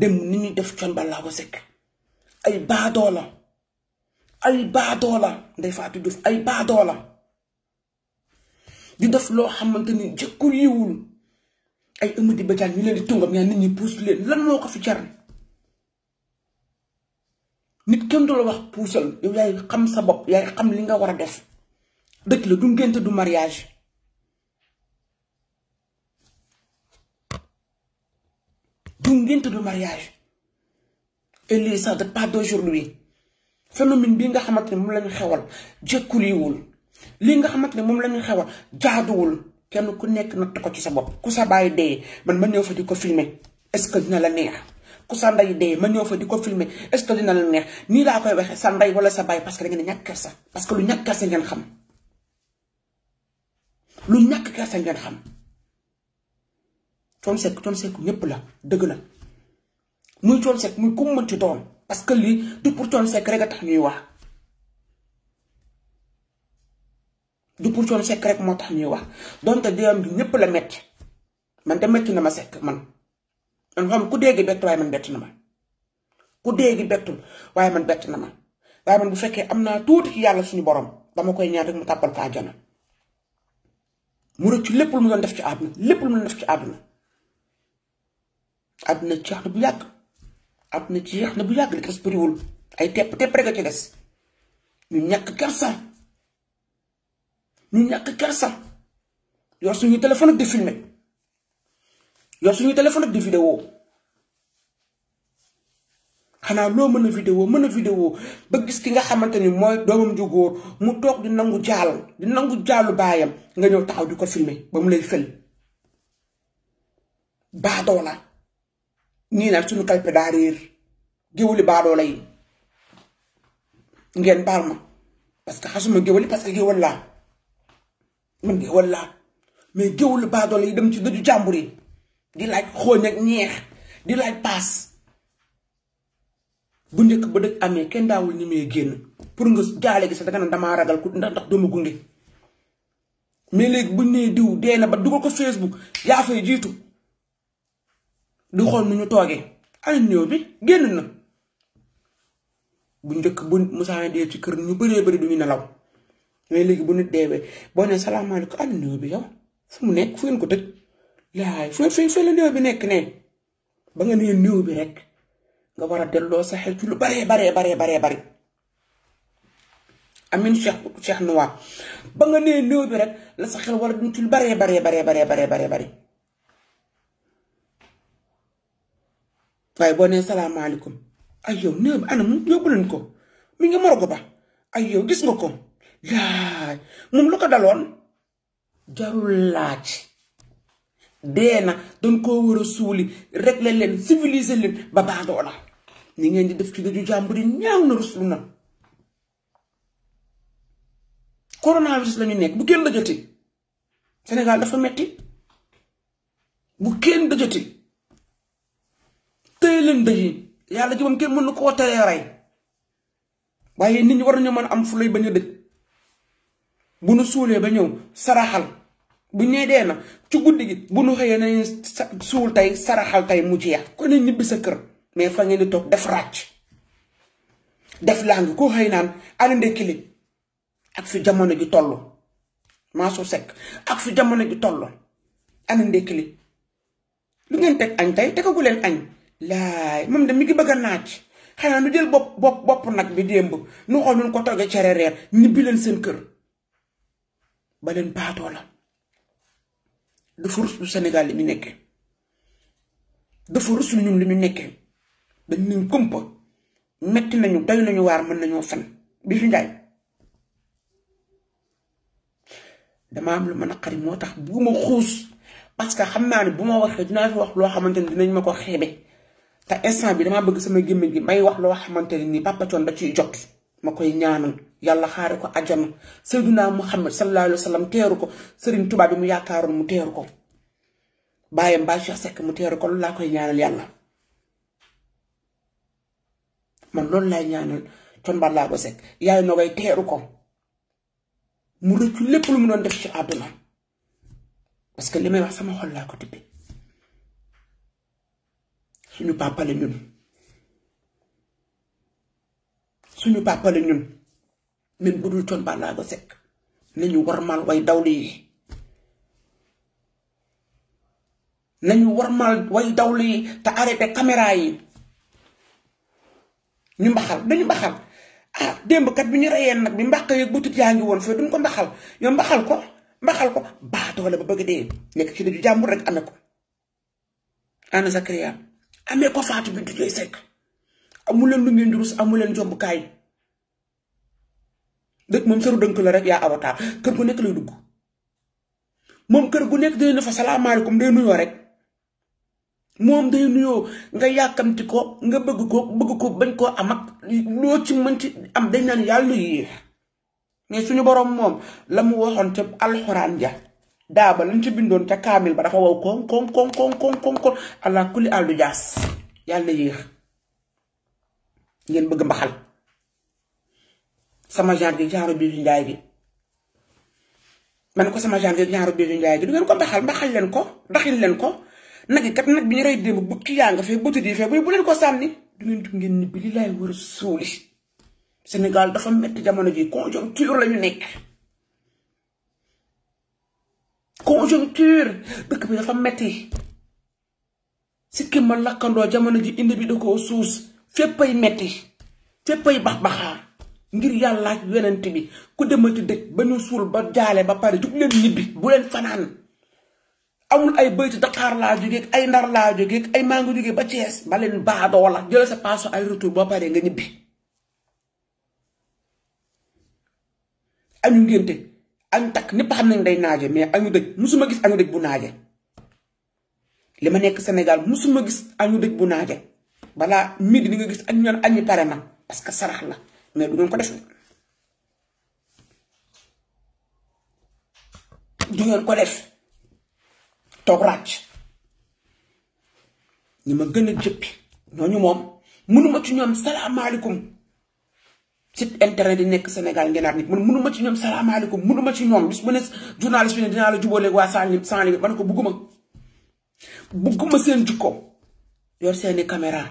dem ni ñuy def con balaa ko sekk ay baadoo la ay baadoo la Ndeye Fatou Diouf ay baadoo la di def loo xamante ni jëkku yiwul ay ëmadi bajaan ñu leen di tungam yaa nit ñi puus leen lan moo ko fi jar nit kenn du la wax puusal yow yaay xam sa bopp yaay xam li nga war a def dëkk la du ngénte du mariage du ngénte du mariage et lii ça date pas d'aujourd'hui phénomène bii nga xamante ne moom la ñu xewal jëkkuliwul lii nga xamante ne moom la ñu xewal jaaduwul kenn ku nekk natt ko ci sa bopp ku sa bàyyi dee man ma ñëw fa di ko filmer est-ce que dina la neex ku sa ndey dee ma ñëw fa di ko filmer est-ce que dina la neex nii laa koy waxee sa ndey wala sa bàyyi parce que da ngeen ñàkk kersa parce que lu ñàkk kersa ngeen xam lu ñàkk kersa ngeen xam. Thione Seck Thione Seck ñépp la dëgg la muy Thione Seck muy ku mu mënti doon parce que lii du pour Thione Seck rek a tax ñuy wax du pour Thione Seck rek moo tax ñuy wax donte déam bi ñëpp la metti man de metti na ma sekk man man ku dégg bett na ma ku dégg bettul waaye man bett na ma waaye man bu fekkee am naa tuuti ci yàlla suñu borom dama koy ñaan rek mu tàbbal ko àjjana mu rëcc lépp lu mu doon def ci àdduna lépp lu mu doon def ci àdduna àdduna jeex na bu yàgg àdduna jeex na bu yàgg li des bëriwul ay tepp tepp rek a ci des ñu ñàkk kersa ñu ñàkk kersa yor suñu téléphone ak di filmé yor suñu téléphone ak di vidéo xanaa loo mën a vidéo mën a vidéo ba gis ki nga xamante ni mooy doomam ju góor mu toog di nangu jaal di nangu jaalu baayam nga ñëw taxaw di ko filmé ba mu lay fël baadoo la ñii naan suñu kalpe daa réer géwali baadoo lay ngeen baal ma parce que xasuma géwali parce que géwal laa man géwal laa mais géwali baadoo lay dem ci dëju jàmbur yi di laaj xooñ ak ñeex di laaj paas bu njëkk ba dëkk amee kenn daawul ñi muy génn pour nga jaale gi sax danga naan damaa ragal ndax ndax doomu gunge mais léegi buñ nee diw dee na ba dugal ko Facebook yaa fay jiitu. du xool nu ñu toogee ay néew bi génn na bu njëkk bu musaane dee ci kër ñu bëree bëri du ñu nelaw mais léegi bu nu deewee boo nee salaamaaleykum ay néew bi yow fu mu nekk fu ngeen ko tëj laay fu fu fu néew bi nekk nee ba nga nee néew bi rek nga war a delloo sa xel ci lu baree baree baree baree bari amin cheikh cheikh noir nga nee néew bi rek la sa lu baree baree baree baree baree baree waaye boo nee salaamaaleykum ay yow nee na anam yóbbu nañ ko mi ngi morgo ba ay yow gis nga ko yaay moom lu ko daloon jarul laaj dee na dañ koo war a suuli réglé leen civilisé leen ba baadoo la ni ngeen di def ci daju jàmbur yi ñaaw na ruslu na coronavirus la nekk bu kenn dëjati Sénégal dafa metti bu kenn dëjati tëye leen dëj yi yàlla ji moom kenn mën na koo teree rey waaye nit ñi war nañoo mën am fu lay a dëj bu nu suulee ba ñëw saraxal bu ñee dee na ci guddi bu nu xëyee nañu suul tey saraxal tey mu jeex ko ne ñibbi sa kër mais fa ngeen di toog def ràcc def làng ko xëy naan ana ndékkili ak fi jamono ji toll Mansour Seck ak fi jamono ji toll ana ndékkili lu ngeen teg añ tey tegagu leen añ laay moom de mi ngi bëgg a naaj xanaa nu jël bopp bopp bopp nag bi démb nu xool nu ko toggee cere reer ñibbi leen seen kër ba leen baatoo la dafa rus lu Sénégal li ñu nekkee dafa rus lu ñun li ñu nekkee dañ nañ kumpa metti nañu doy nañu waar mën nañoo fen bi fi njaay dama am lu ma naqari moo tax bu ma xuus parce que xam naa ne bu ma waxee dinaa fi wax loo xamante ni dinañ ma ko xeebe te instant bi damaa bëgg sama gémmiñ gi may wax loo xamante ne nii Papa Thione da ciy jot ma koy ñaanal yàlla xaare ko àjjana Seydina Muhammad sallallahu alayhi wa sallam teeru ko Serigne Touba bi mu yaakaaroon mu teeru ko bàyyam Baye Cheikh Seck mu teeru ko loolu laa koy ñaanal yàlla man loolu laay ñaanal Thione Ballago Seck yaay Nogay teeru ko mu rëccu lépp lu mu doon def ci àdduna parce que li may wax sama xol laa suñu papa la ñun suñu papa bu dul Thione Ballago Seck nañu warmal way dawlu yi nañu warmal way dawlu yi te arrêté caméra yi ñu mbaxal dañu mbaxal ah démb kat bi ñu reyeen nag bi mbaq yeeg butut yaa ngi woon fee duñ ko mbaxal yow mbaxal ko mbaxal ko baatoo ba bëgg dee nekk ci daju jàmbur rek ame ko ana Zakaria amee ko faatu bi du joy sekk amuleen lu ngeen di rus amuleen jombukaay dëkk moom sëru dënk la rek yaa awataa kër gu nekk lay dugg moom kër gu nekk day ne fa salaamaaleykum day nuyoo rek moom day nuyoo nga yàkkamti ko nga bëgg ko bëgg ko bañ koo am ak loo ci mën ci am dañ naan yàlla yéex mais suñu boroom moom la mu waxoon ca alxuraan ja daa ba lañ ci bindoon ca kaamil ba dafa wow koŋ koŋ koŋ koŋ koŋ koŋ koŋ allah kulli àllu jaas yàlla yéex ngeen bëgg mbaxal sama genre gi genre biiru njaay gi ko sama genre gi genre biiru njaay gi du ngeen ko mbaxal mbaxal leen ko daxil leen ko nag kat nag bi ñu rey démb bu kii yaa nga fee bëtu di fee bu leen ko sànni du ngeen dugg ngeen ni bi li laay war a suuli Sénégal dafa metti jamono ji conjoncture la ñu nekk conjoncture dëkk bi dafa metti sikki ma lakkandoo jamono ji indi bi da koo suus féppay metti féppay bax baxaar ngir yàlla ak bi ku demati dëkk ba ñu suul ba jaale ba pare jug ñibbi bu leen fanaan amul ay bëyti Dakar laa jógee ay Ndar laa jógee ay maa ngi jógee ba Thiès ba leen baadoo wala jël sa paaso ay retour ba pare nga ñibbi añu ngénte añu takk ñëpp xam nañ day naaje mais añu dëj musuma gis añu dëj bu naaje li ma nekk Sénégal musuma gis añu dëj bu naaje balaa midi di nga gis añu ñoon añu pare na parce que sarax la mais du ko def ngeen ko def toog ràcc ñi ma gën a jëppi ñooñu moom mënuma ci ñoom salaamaaleykum site internet di nekk Sénégal ngeen naan nit man mënuma ci ñoom salaamaaleykum mënuma ci ñoom bis ma ne journaliste bi ne dinaa la jubóoleeg waa sans limite sans limite man ko bugguma bugguma seen jukko yor seeni caméra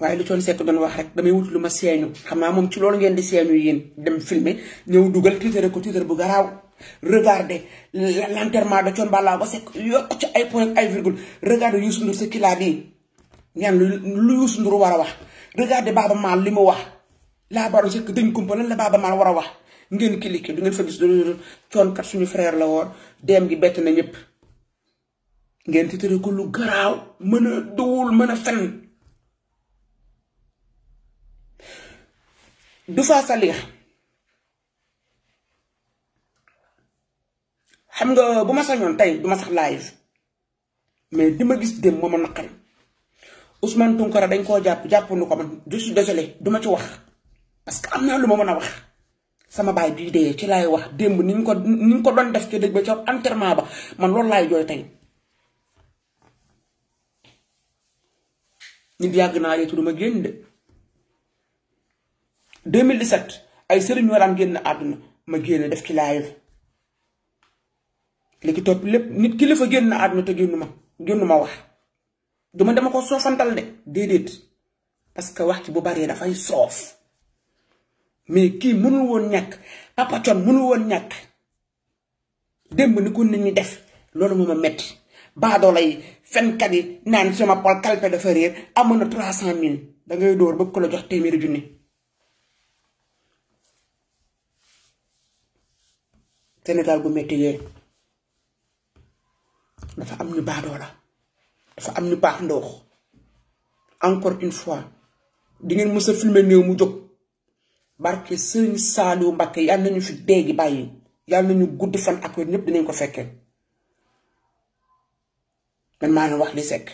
waaye lu coon sekk doon wax rek damay wut lu ma seeñu xam naa moom ci loolu ngeen di seeñu yéen dem filmer ñëw dugal titre ko titre bu garaaw regardez l'enterrement de Thione Ballago ba Seck yokk ci ay point ay virgule regardez Youssou Ndour ce qu'il a dit ñaan lu a wax li mu wax laabaru sekk dañ kumpa lan la baaba maal war a wax ngeen cliqué du ngeen fa gis du coonkat suñu frère la woon dem gi bett na ñëpp ngeen titre ko lu garaaw mën a duwul mën a fen du faa salix xam nga bu ma sañoon tey du ma sax live mais di ma gis dem moo ma naqari Ousmane Tounkara dañ koo jàpp jàppandu ko man du suis désolé du ma ci wax parce que am naa lu ma mën a wax sama baay bii dee ci laay wax démb ni ko ni ko doon def ci dëj ba ci enterrement ba man loolu laay tey nit yàgg naa yeetu duma génn de 2017 ay sëriñ ñoo génn àdduna ma génn def ci live léegi topp lépp nit kilifa génn àdduna te génn ma génn ma wax duma dama ko soofantal de déedéet parce que wax ci bu baree dafay soof mais kii mënul woon ñàkk Papa mënul woon ñàkk démb ni ko nit ñi def loolu moo ma metti baadoola yi fenkat yi naan sama pol kalpe dafa réer amoon na trois cent mille dangay dóor bëgg ko la jox téeméeri junni Sénégal gu metti yee dafa am ñu baadoola am ñu baax ndoox encore une fois di ngeen mës a mu jóg barke sëriñ Saaliw Mbakke yàlla nañu fi dee bàyyi yàlla nañu gudd fan ak wér ñëpp dinañ ko fekkee man maa leen wax li sekk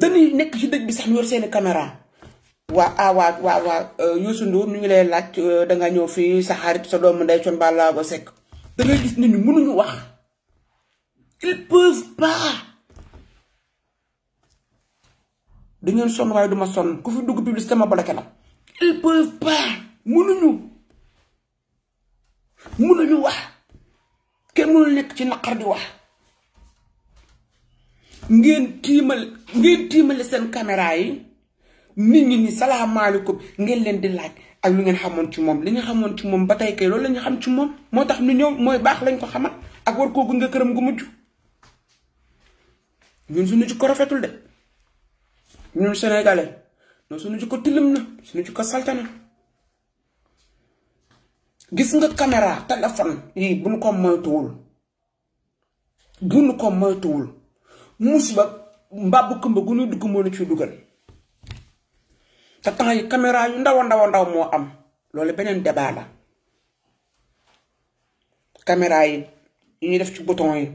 dañuy nekk ci dëj bi sax ñu war seeni caméra waa ah waa waa waa euh, Youssou ñu ngi lay laaj euh, danga ñëw fii sa xarit sa doom ndey Thione Ballago Seck da gis nit ñi mënuñu wax ils peuvent pas da ngeen sonn waaye duma sonn ku fi dugg publicité ma bloqué la ils peuvent pas mënuñu mënuñu wax kenn mënul nekk ci naqar di wax ngeen tiimal ngeen tiimale seen caméra yi nit ñi ni salaamaaleykum ngeen leen di laaj ak lu ngeen xamoon ci moom li ñu xamoon ci moom ba tey kay loolu la xam ci moom moo tax ñu ñëw mooy baax lañ ko xamal ak war koo gunge këram gu mujj ñun suñu jikko rafetul de ñun sénégalais non suñu jikko tilim na suñu jikko salte gis nga caméra téléphone yi bu ñu ko moytuwul bu ñu ko moytuwul musiba mbàbb këmba gu ñu dugg moo ñu ciy dugal ta temps yi caméra yu ndaw a ndaw ndaw moo am loolu beneen débat la caméra yi yu def ci bouton yi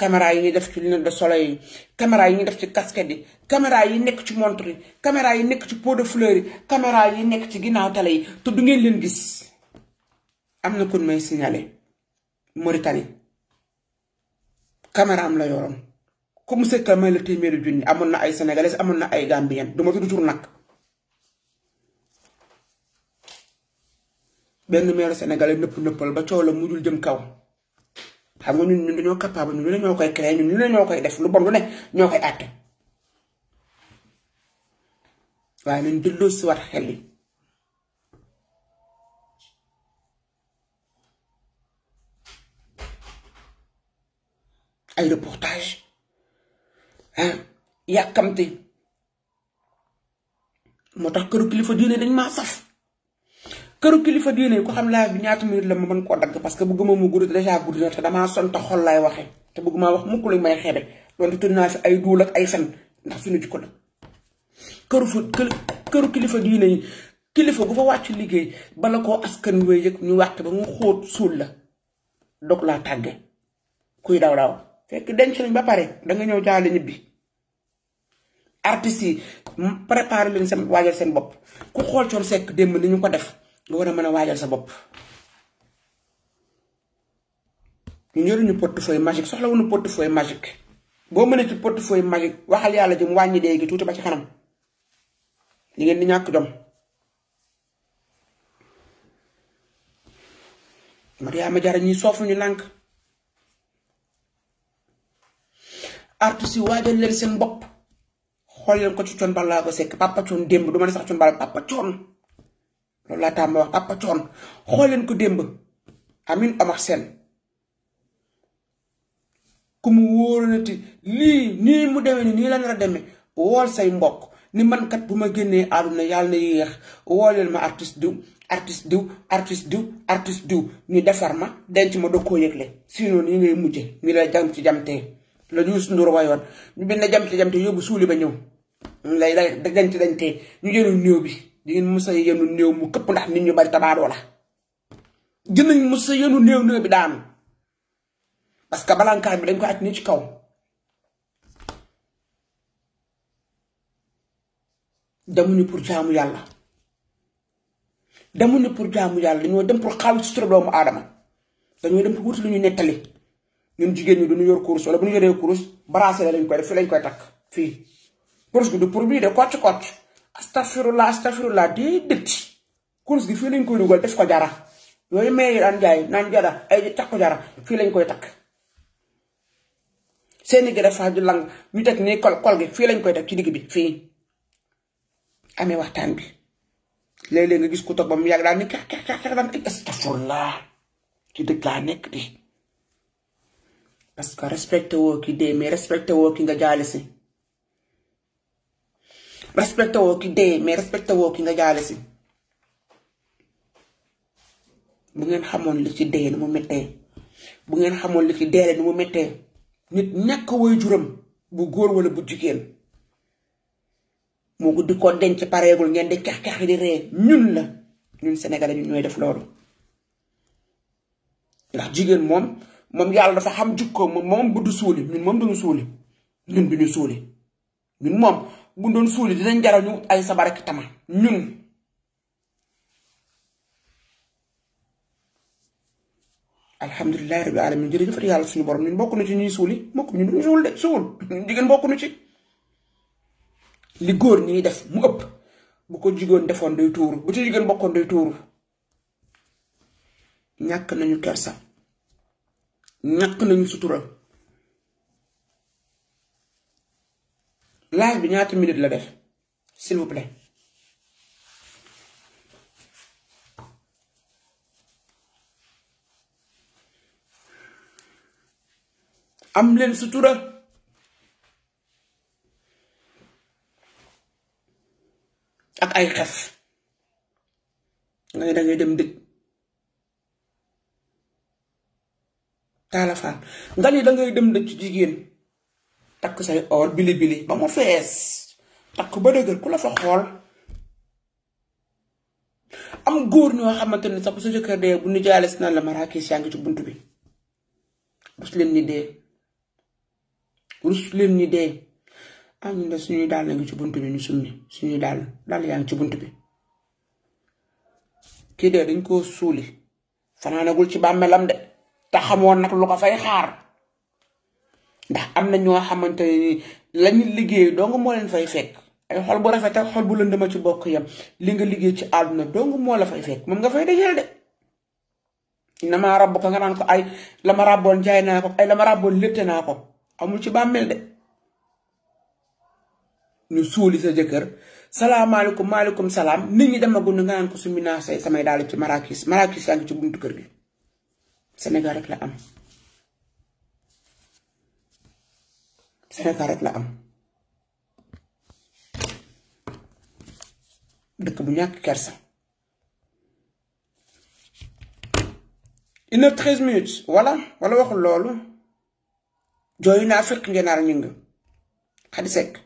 caméra yi ñuy def ci lunettes de soleil yi caméra yi ñuy def ci casquette yi caméra yi nekk ci montre yi caméra yi nekk ci pot de fleur yi caméra yi nekk ci ginnaaw tale yi ngeen leen gis am na kon may signalé Mauritanie caméra am la yoroon comme monsieur Camara la téeméeri junni amoon na ay sénégalais amoon na ay gambien duma tudd tur nag benn meeru sénégalais nëpp nëppal ba coow la mujjul jëm kaw. xam nga ñun ñun dañoo capable ñun lu ne koy créer ñun lu ne ñoo koy def lu bon lu ne ñoo koy àtte waaye nañ delloo si waat xel yi ay reportage ah yàkkamte moo tax këru kilifa diine dañ maa saf këru kilifa diine yi ko xam live bi ñaata minute la ma man koo dagg parce que bëgguma mu gudd dèjà gudd na te damaa sonn te xol laay waxee te bëgguma wax mukk lañ may xeebe loolu tudd naa fi ay duul ak ay fen ndax suñu jikko la këru fa këru kilifa diine yi kilifa gu fa wàcc liggéey bala koo askan wéy yëg ñu waxte ba mu xóot suul la dog laa tàgge kuy daw daw fekk denc nañ ba pare danga ñëw jaale ñibbi artistes yi préparé leen seen waajal seen bopp ku xool coon sekk démb ni ko def nga war a mën a waajal sa bopp ñu yoruñu portefeuille magique pot portefeuille magique boo mënee ci portefeuille magique waxal yàlla jëm wàññi dee gi tuuti ba ci kanam li ngeen di ñàkk jom Mariama Jara ñi soofu ñu lànk artiste yi waajal leen seen bopp xool leen ko ci coon balaa ko sekk papa coon démb du ma ne sax coon papa coon loolu laa tàmm wax Papa Thione xool leen ko démb Amine Omar Sène ku mu wóoranati lii nii mu demee nii nii la nar a demee wool say mbokk ni man kat bu ma génnee àdduna yàlla na yéex woo ma artiste diw artiste diw artiste diw artiste diw ñu defar ma denc ma doo koo yëgle sinon nii ngay mujje nii la jam ci jamtee la Youssou Ndour wayoon ñu bind jam ci jamtee yóbbu suuli ba ñëw lay denc dañ tee ñu jëlu néew bi di ngeen mës a néew mu këpp ndax nit ñu bari tabaadoo la dinañ mës a bi daanu parce que balankaan bi dañ ko aj ni ci kaw demuñu pour jaamu yàlla demuñu pour jaamu yàlla dañoo dem pour xaawi sutura doomu aadama dañoo dem pour wuti lu ñu nettali ñun jigéen ñi duñu yor kurus wala bu ñu yoree kurus bracelet lañ koy def fii lañ koy takk fii kurus gi du pour bii de kocc kocc astafurlah astafurlah déedéet kurus gi fii lañ koy dugal def ko jara yooyu may daan jaay naan jara ay takk ko jara fii lañ koy takk seeni gi dafa ju lang ñu teg nii kol kol fii lañ koy def ci digg bi amee waxtaan bi léeg-léeg nga gis ku toog ba mu yàgg daal ni kex kex kex ay astafurlah ci dëkk nekk di parce que respecté woo ki dee mais respecté woo ki nga jaale si respecté woo ki dee mais respecté ki nga jaale si bu ngeen xamoon li ci dee ni bu ngeen xamoon li ci deele ni mu méttee nit ñàkk woy juram bu góor wala bu jigéen moo ko di ko denc pareegul ngeen di kex kex di ree ñun la ñun Sénégalais ñun ñooy def loolu ndax jigéen moom moom yàlla dafa xam jikko moom moom bu du suuli ñun moom duñu suuli ñun duñu suuli ñun moom bu doon suuli dinañ jaral ñu ay sabar ak tama ñun alhamdulilahi rabbil alamin jërëjëfati yàlla suñu borom ñun bokk na ci ñuy suuli bokk ñu duñ suul de suul jigéen bokk na ci li góor ñuy def mu ëpp bu ko jigéen defoon day tuuru bu ci jigéen bokkoon day tuuru ñàkk nañu kersa ñàkk nañu sutura live bi ñaata minute la def s'il vous am leen sutura ak ay xef nga ne dangay dem dëj taalafaal nga ne dangay dem dëj ci jigéen takk say or bili bili ba mu fees takk ba dëgër ku la fa xool am góor ñoo xamante ne sax bu sa jëkkër dee bu ñu jaale si naan la maraakis yaa ngi ci bunt bi rus leen ni dee rus leen ni dee am ah, ñu ne suñuy daal la ngi ci bunt bi ñu summi suñuy daal dal yaa ngi ci bunt bi kii dee dañ koo suuli fanaanagul ci bàmmeelam de te xamoon nag lu ko fay xaar ndax am na ñoo xamante ni lañu liggéey dong moo leen fay fekk ay xol bu rafet ak xol bu lëndëma ci bokk yam li nga liggéey ci àdduna dong moo la fay fekk moom nga fay dajale de na ma ràbb ko nga naan ko ay la ma ràbboon jaay naa ko ay la ma ràbboon létte naa ko amul ci bàmmeel de ñu suuli sa jëkkër salaamaaleykum maaleykum salaam nit ñi dama gund nga naan ko summi naa say samay daal ci marakis marakis yaa ngi ci buntu kër gi Sénégal rek la am Sénégal rek la am dëkk bu ñàkk kersa une heure treize minutes wala wala waxul loolu jooyu naa fekk ngeenaal ñu ngi Xadi